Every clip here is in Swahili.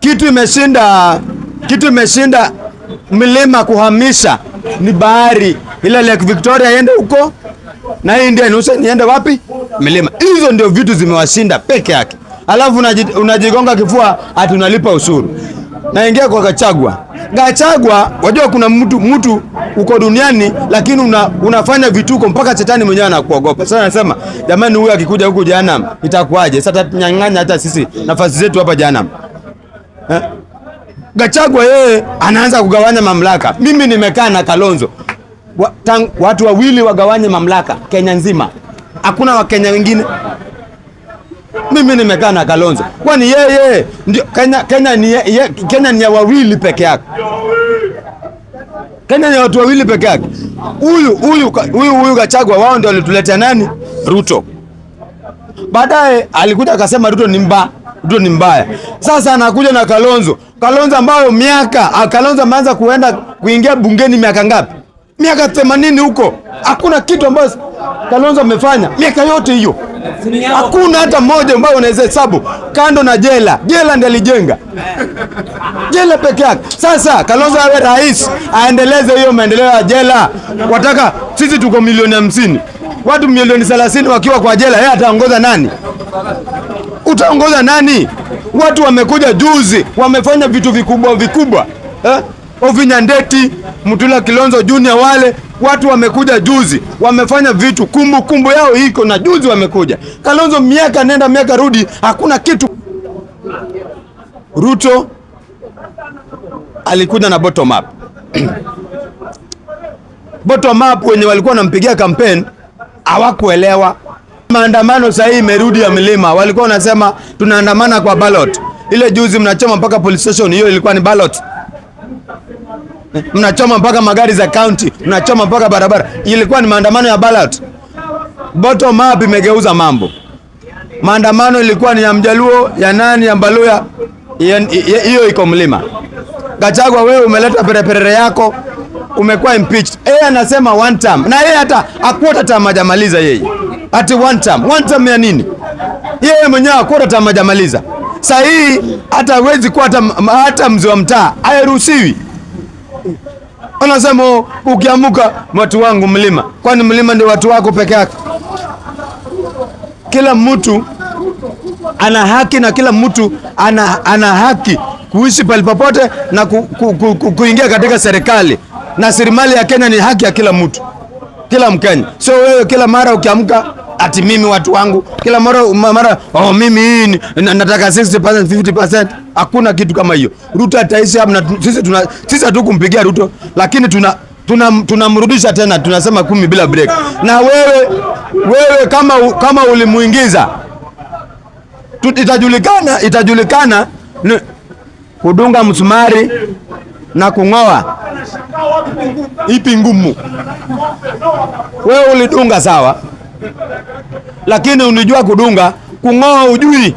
kitu imeshinda, kitu imeshinda milima kuhamisha ni bahari, ile Lake Victoria iende huko na India inusha niende wapi? Milima. Hizo ndio vitu zimewashinda peke yake, alafu unajigonga kifua ati unalipa ushuru. Naingia kwa Gachagua. Gachagua, wajua kuna mtu mtu uko duniani lakini una, unafanya vituko mpaka shetani mwenyewe anakuogopa. Sasa nasema jamani, huyu akikuja huku jehanamu itakuwaje? Sasa tutanyang'anya hata sisi nafasi zetu hapa jehanamu eh? Gachagua yeye anaanza kugawanya mamlaka. Mimi nimekaa na Kalonzo wa, tang, watu wawili wagawanye mamlaka Kenya nzima, hakuna Wakenya wengine. Mimi nimekaa na Kalonzo, kwani yeye ndio Kenya? Kenya ni ye, Kenya ni ya wawili peke yake. Kenya ni watu wawili peke yake. Huyu huyu huyu huyu Gachagua, wao ndio walituletea nani? Ruto. Baadaye alikuja akasema Ruto ni mbaya ndio ni mbaya. Sasa anakuja na Kalonzo, Kalonzo ambayo miaka ah, Kalonzo ameanza kuenda kuingia bungeni miaka ngapi? Miaka 80 huko, hakuna kitu ambacho Kalonzo amefanya miaka yote hiyo, hakuna hata mmoja ambayo unaweza hesabu, kando na jela. Jela ndiye alijenga jela peke yake. Sasa Kalonzo awe rais, aendeleze hiyo maendeleo ya jela. Wataka sisi tuko milioni hamsini, watu milioni 30 wakiwa kwa jela, yeye ataongoza nani? utaongoza nani? Watu wamekuja juzi, wamefanya vitu vikubwa vikubwa eh? Ovinyandeti, mtula Kilonzo Junior, wale watu wamekuja juzi, wamefanya vitu, kumbukumbu kumbu yao iko na juzi, wamekuja Kalonzo, miaka nenda miaka rudi, hakuna kitu. Ruto alikuja na bottom up bottom up, wenye walikuwa wanampigia campaign hawakuelewa Maandamano sahi imerudi ya milima. Walikuwa wanasema tunaandamana kwa ballot. Ile juzi mnachoma mpaka police station, hiyo ilikuwa ni ballot. Mnachoma mpaka magari za county, mnachoma mpaka barabara, ilikuwa ni maandamano ya ballot. Bottom up imegeuza mambo. Maandamano ilikuwa ni ya Mjaluo, ya nani, ya Mbaluya, hiyo iko mlima. Gachagua, wewe umeleta pereperere yako, umekuwa impeached. Yeye anasema one term, na yeye hata hakuota term hajamaliza yeye ati one term. One term ya nini? Yeye mwenyewe hakuna tamajamaliza Sasa hii hata hawezi kuwa hata mzee wa mtaa hairuhusiwi. Anasema ukiamuka watu wangu mlima, kwani mlima ndio watu wako peke yake? Kila mtu ana haki na kila mtu ana, ana haki kuishi palipopote na ku, ku, ku, ku, kuingia katika serikali na serikali ya Kenya ni haki ya kila mtu, kila Mkenya. So wewe kila mara ukiamka ati mimi watu wangu kila mara mara, oh, mimi nataka 60% 50%. Hakuna kitu kama hiyo. Ruto ataishi na Sisi tuna sisi kumpigia Ruto, lakini tuna tunamrudisha tena, tunasema kumi bila break. Na wewe wewe kama kama ulimuingiza itajulikana, itajulikana ni kudunga msumari na kung'oa ipi ngumu. Wewe ulidunga sawa lakini unijua kudunga, kung'oa ujui.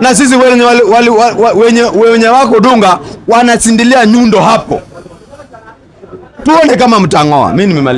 Na sisi wenye, wenye, wenye, wenye wako dunga wanasindilia nyundo hapo, tuone kama mtang'oa. Mimi nimemaliza.